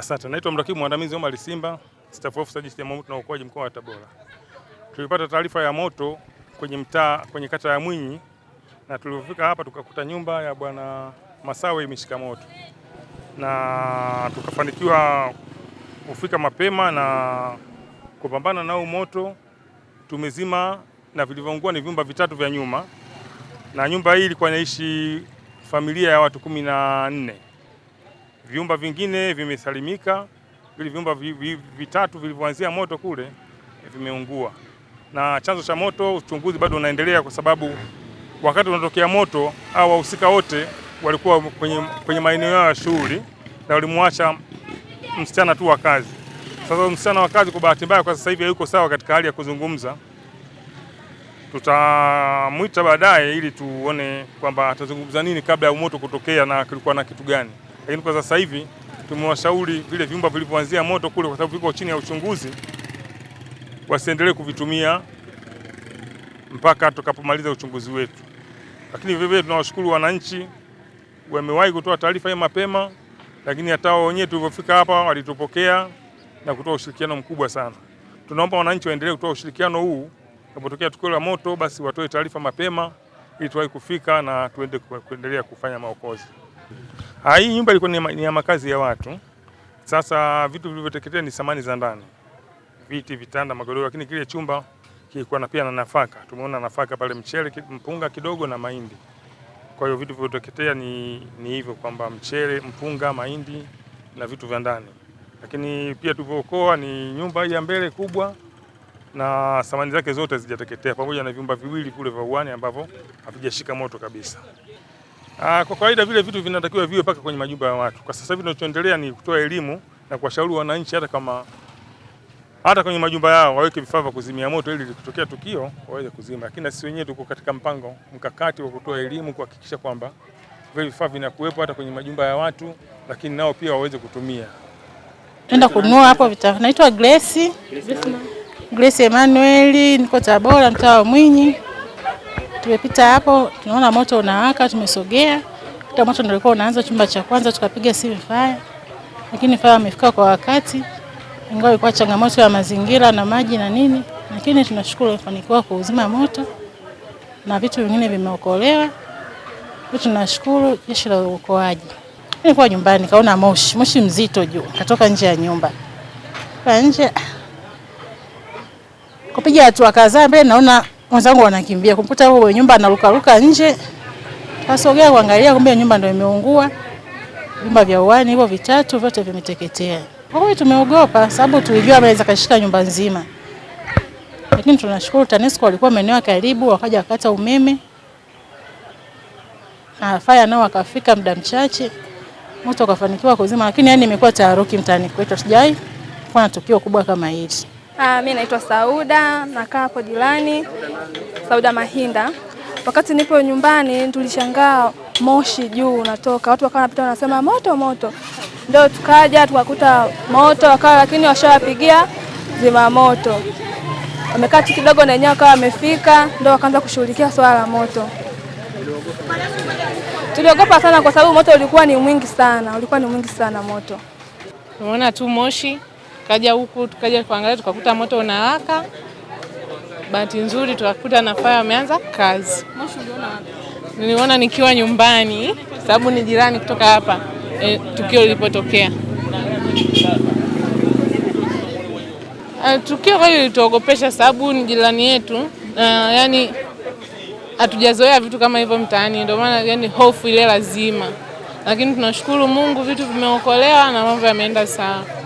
Asante, naitwa mrakibu mwandamizi Omar Simba, Staff Officer jeshi la na Uokoaji mkoa wa Tabora. Tulipata taarifa ya moto kwenye mtaa kwenye kata ya Mwinyi na tulipofika hapa tukakuta nyumba ya bwana Masawe imeshika moto na tukafanikiwa kufika mapema na kupambana nao moto. Tumezima na vilivyoungua ni vyumba vitatu vya nyuma, na nyumba hii ilikuwa inaishi familia ya watu kumi na nne. Vyumba vingine vimesalimika, vile vyumba vitatu vilivyoanzia moto kule eh, vimeungua, na chanzo cha moto uchunguzi bado unaendelea, kwa sababu wakati unatokea moto au wahusika wote walikuwa kwenye, kwenye maeneo yao ya shughuli na walimwacha msichana tu wa kazi. Sasa msichana wa kazi kwa bahati mbaya kwa sasa hivi hayuko sawa katika hali ya kuzungumza, tutamwita baadaye ili tuone kwamba atazungumza nini kabla ya moto kutokea na kulikuwa na kitu gani. Lakini kwa sasa hivi tumewashauri vile vyumba vilivyoanzia moto kule, kwa sababu viko chini ya uchunguzi, wasiendelee kuvitumia mpaka tukapomaliza uchunguzi wetu. Lakini vile vile tunawashukuru wananchi, wamewahi kutoa taarifa hiyo mapema, lakini hata wao wenyewe tulivyofika hapa walitupokea na kutoa ushirikiano mkubwa sana. Tunaomba wananchi waendelee kutoa ushirikiano huu, unapotokea tukio la moto, basi watoe taarifa mapema ili tuwahi kufika na tuende kuendelea kufanya maokozi. Ah, hii nyumba ilikuwa ni ya makazi ya watu. Sasa vitu vilivyoteketea ni samani za ndani, viti, vitanda, magodoro, lakini kile chumba kilikuwa na pia na nafaka. Tumeona nafaka pale, mchele, mpunga kidogo na mahindi. Kwa hiyo vitu vilivyoteketea ni, ni hivyo kwamba mchele, mpunga, mahindi na vitu vya ndani, lakini pia tulivyookoa ni nyumba hii ya mbele kubwa na samani zake zote zijateketea pamoja na vyumba viwili kule vya uani ambavyo havijashika moto kabisa. Ah, kwa kawaida vile vitu vinatakiwa viwe mpaka kwenye majumba ya watu. Kwa sasa hivi tunachoendelea ni kutoa elimu na kuwashauri wananchi, hata kama hata kwenye majumba yao waweke vifaa vya kuzimia moto ili likitokea tukio waweze kuzima, lakini na sisi wenyewe tuko katika mpango mkakati wa kutoa elimu kuhakikisha kwamba vile vifaa vinakuwepo hata kwenye majumba ya watu, lakini nao pia waweze kutumia. Tenda kununua hapo vita. Naitwa Grace Grace Emanuel, niko Tabora, mtaa wa Mwinyi. Tumepita hapo, tunaona moto unawaka, tumesogea kuta moto ndio ulikuwa unaanza chumba cha kwanza, tukapiga simu fire, lakini fire wamefika kwa wakati, ingawa ilikuwa changamoto ya mazingira na maji na nini, lakini tunashukuru wamefanikiwa kuuzima moto na vitu vingine vimeokolewa. Tunashukuru jeshi la uokoaji. Nilikuwa nyumbani kaona moshi, moshi mzito juu, katoka nje ya nyumba kwa nje kupiga hatua kadhaa mbele, naona wenzangu wanakimbia kumkuta huyo nyumba anarukaruka nje, tukasogea kuangalia, kumbe nyumba ndio imeungua. Vyumba vya uani hivyo vitatu vyote vimeteketea. Kwa hiyo tumeogopa, sababu tulijua anaweza kashika nyumba nzima, lakini tunashukuru TANESCO walikuwa maeneo karibu, wakaja wakata umeme na faya nao wakafika muda mchache, moto ukafanikiwa kuzima. Lakini yani imekuwa taharuki mtaani kwetu, sijai kuna tukio kubwa kama hili. Mimi ah, naitwa Sauda, nakaa hapo jirani, Sauda Mahinda. Wakati nipo nyumbani, tulishangaa moshi juu unatoka, watu wakawa wanapita wanasema moto moto, ndio tukaja tukakuta moto wakawa, lakini washawapigia zima moto, wamekaa tu kidogo na wenyewe wakawa wamefika, ndio wakaanza kushughulikia swala la moto. Tuliogopa sana kwa sababu moto ulikuwa ni mwingi sana, ulikuwa ni mwingi sana moto, Tumeona tu moshi Tukaja huku tukaja kuangalia, tukakuta moto unawaka. Bahati nzuri tukakuta na faya wameanza kazi. Niliona nikiwa nyumbani, sababu ni jirani kutoka hapa e, tukio lilipotokea. E, tukio kweli lilituogopesha, sababu ni jirani yetu. Uh, yani hatujazoea vitu kama hivyo mtaani, ndio maana yani hofu ile lazima, lakini tunashukuru Mungu, vitu vimeokolewa na mambo yameenda sawa.